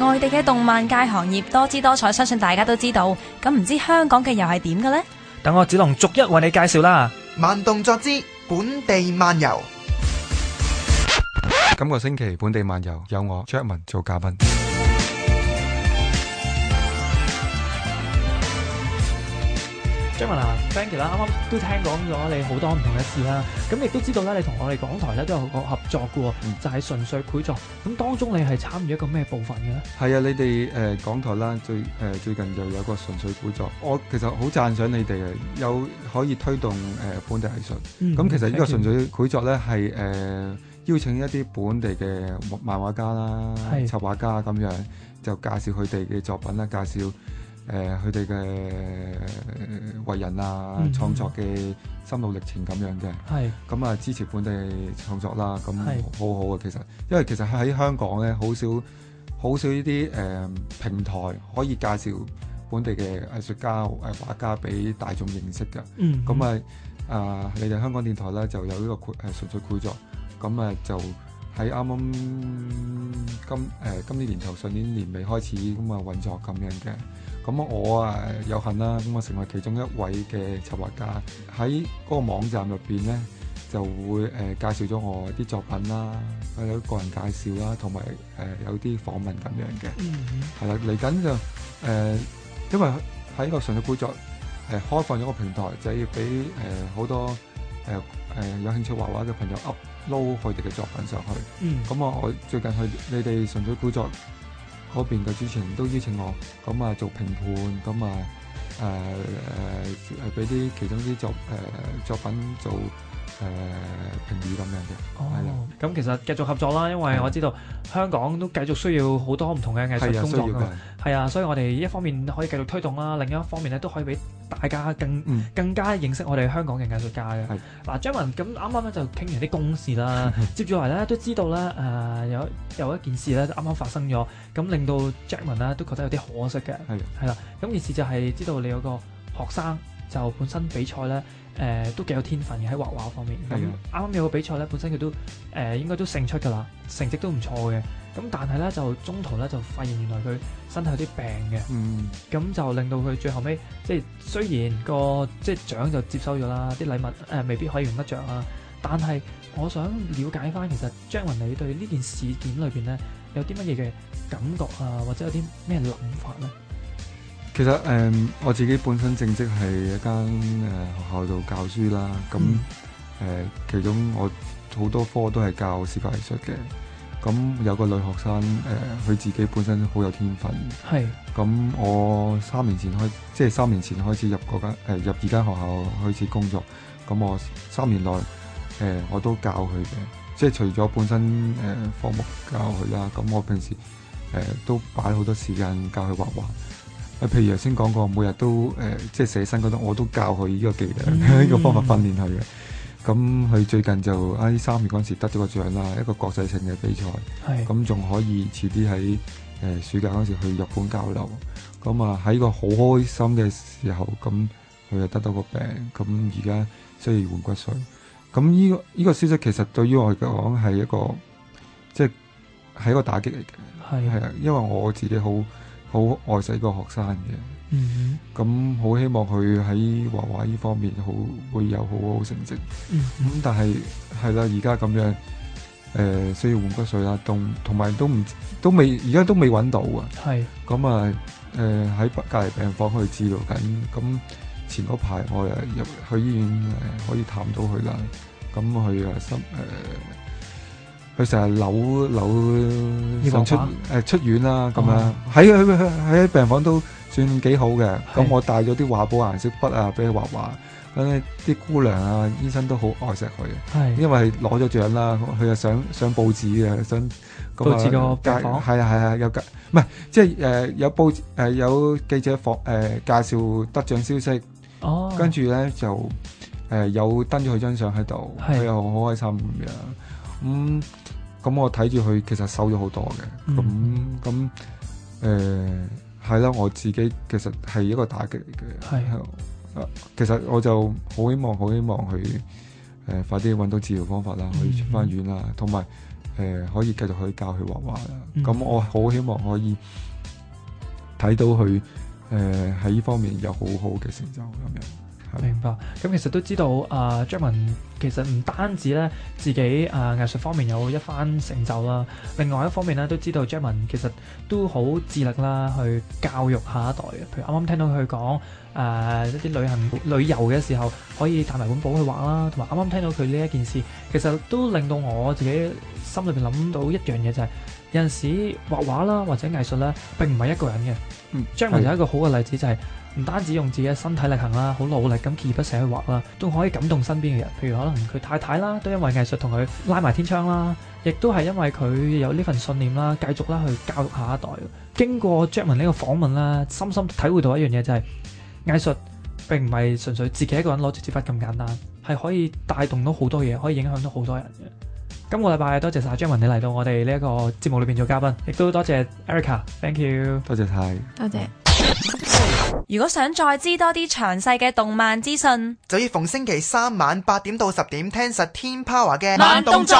外地嘅動漫界行業多姿多彩，相信大家都知道。咁唔知香港嘅又係點嘅呢？等我只能逐一為你介紹啦！慢動作之本地漫遊。今個星期本地漫遊有我 Jackman 做嘉賓。張文啊，Fancy 啦，啱啱都聽講咗你好多唔同嘅事啦。咁亦都知道咧，你同我哋港台咧都有個合作嘅喎，就係、是、純粹繪作。咁當中你係參與一個咩部分嘅咧？係啊，你哋誒、呃、港台啦，最、呃、最近就有一個純粹繪作。我其實好讚賞你哋啊，有可以推動本地藝術。咁、嗯、其實呢個純粹繪作咧係、呃、邀請一啲本地嘅漫畫家啦、插是畫家咁樣，就介紹佢哋嘅作品啦，介紹。誒佢哋嘅為人啊，嗯嗯、創作嘅心路歷程咁樣嘅。咁是啊支持本地創作啦，咁好好嘅是其實，因為其實喺香港咧，好少好少呢啲誒平台可以介紹本地嘅藝術家誒畫家俾大眾認識嘅。咁、嗯、啊、嗯、啊，你哋香港電台咧就有呢個誒純粹繪作，咁啊就喺啱啱今誒今年年頭上年年尾開始咁啊運作咁樣嘅。咁我啊有幸啦，咁我成為其中一位嘅插畫家，喺嗰個網站入邊咧，就會誒、呃、介紹咗我啲作品啦，有個人介紹啦，同埋誒有啲訪問咁樣嘅。嗯係哼啦，嚟緊就誒、呃，因為喺個純粹古作誒、呃、開放咗個平台，就要俾誒好多誒誒、呃呃、有興趣畫畫嘅朋友 upload 佢哋嘅作品上去。咁啊、嗯，我最近去你哋純粹古作。嗰邊嘅主持人都邀請我，咁啊做評判，咁啊～誒誒誒，俾啲、呃呃、其中啲作誒作品做誒、呃呃、評語咁樣嘅，係啦、哦。咁的其實繼續合作啦，因為我知道的香港都繼續需要好多唔同嘅藝術工作㗎。係啊的的，所以我哋一方面可以繼續推動啦，另一方面咧都可以俾大家更、嗯、更加認識我哋香港嘅藝術家嘅。係嗱 Jackman 咁啱啱咧就傾完啲公事啦， 接住落嚟咧都知道咧誒、呃、有有一件事咧啱啱發生咗，咁令到 Jackman 咧都覺得有啲可惜嘅。係係啦，咁的件事就係知道。有個學生就本身比賽咧，誒、呃、都幾有天分嘅喺畫畫方面。咁啱啱有個比賽咧，本身佢都誒、呃、應該都勝出噶啦，成績都唔錯嘅。咁但係咧就中途咧就發現原來佢身體有啲病嘅，咁、嗯、就令到佢最後尾即係雖然、那個即係獎就接收咗啦，啲禮物誒、呃、未必可以用得着啊。但係我想了解翻，其實張云你對呢件事件裏邊咧有啲乜嘢嘅感覺啊，或者有啲咩諗法咧？其實誒、嗯、我自己本身正職係一間誒、呃、學校度教書啦，咁、嗯呃、其中我好多科都係教視覺藝術嘅。咁有個女學生佢、呃、自己本身好有天分。咁係、嗯、我三年前開，即係三年前開始入嗰間、呃、入二間學校開始工作。咁我三年內、呃、我都教佢嘅，即係除咗本身科、呃、目教佢啦，咁我平時、呃、都擺好多時間教佢畫畫。啊，譬如頭先講過，每日都誒、呃，即係寫生嗰種，我都教佢呢個技能、呢、嗯、 個方法訓練佢嘅。咁佢、嗯、最近就喺三月嗰時時得咗個獎啦，一個國際性嘅比賽。咁仲是可以遲啲喺、呃、暑假嗰時時去日本交流。咁啊喺個好開心嘅時候，咁佢又得到個病，咁而家需要換骨髓。咁呢、這個呢、這個消息其實對於我嚟講係一個即係係一個打擊嚟嘅。係啊是，因為我自己好。好愛死個學生嘅，咁好、嗯、哼希望佢喺畫畫呢方面好會有好好、好成績。咁、嗯、哼但係係啦，而家咁樣，誒、呃、需要換骨髓啦，同同埋都唔都未而家都未揾到啊。係咁啊，誒喺、呃、隔離病房去治療緊。咁前嗰排我又入去醫院誒、呃，可以探到佢啦。咁佢心誒。呃佢成日扭扭想出出院啦，咁樣喺喺、哦、病房都算幾好嘅。咁是我帶咗啲畫布、顏色筆啊，俾佢畫畫。咁啲姑娘啊、醫生都好愛錫佢嘅，是因為攞咗獎啦。佢又上上報紙嘅，上報紙個介係啊係啊，有唔係即係誒、呃、有報誒、呃、有記者訪、呃、介紹得獎消息。哦，跟住咧就、呃、有登咗佢張相喺度，佢又好開心咁樣咁咁、嗯、我睇住佢，其實收咗好多嘅。咁咁誒係啦，我自己其實係一個打擊嚟嘅。係啊的，其實我就好希望，好希望佢誒、呃、快啲搵到治療方法啦，嗯、可以出翻院啦，同埋誒可以繼續去教佢畫畫啦。咁、嗯、我好希望可以睇到佢誒喺呢方面有很好好嘅成就。咁樣。明白，咁其實都知道啊、呃、Jackman 其實唔單止咧自己啊、呃、藝術方面有一番成就啦，另外一方面咧都知道 Jackman 其實都好致力啦，去教育下一代嘅。譬如啱啱聽到佢講誒一啲旅行旅遊嘅時候，可以帶埋本簿去玩啦，同埋啱啱聽到佢呢一件事，其實都令到我自己。心裏邊諗到一樣嘢就係，有陣時畫畫啦或者藝術咧，並唔係一個人嘅。嗯，Jackman 就係一個好嘅例子就係，唔單止用自己嘅身體力行啦，好努力咁鍥而不捨去畫啦，都可以感動身邊嘅人。譬如可能佢太太啦，都因為藝術同佢拉埋天窗啦，亦都係因為佢有呢份信念啦，繼續啦去教育下一代。經過 Jackman 呢個訪問啦，深深體會到一樣嘢就係，藝術並唔係純粹自己一個人攞住支筆咁簡單，係可以帶動到好多嘢，可以影響到好多人嘅。今個禮拜多謝晒張文你嚟到我哋呢一個節目裏邊做嘉賓，亦都多謝 Erica，Thank you，多謝晒，多謝。多謝 e、rica, 多謝。如果想再知多啲詳細嘅動漫資訊，就要逢星期三晚八點到十點聽實天 power 嘅慢動作。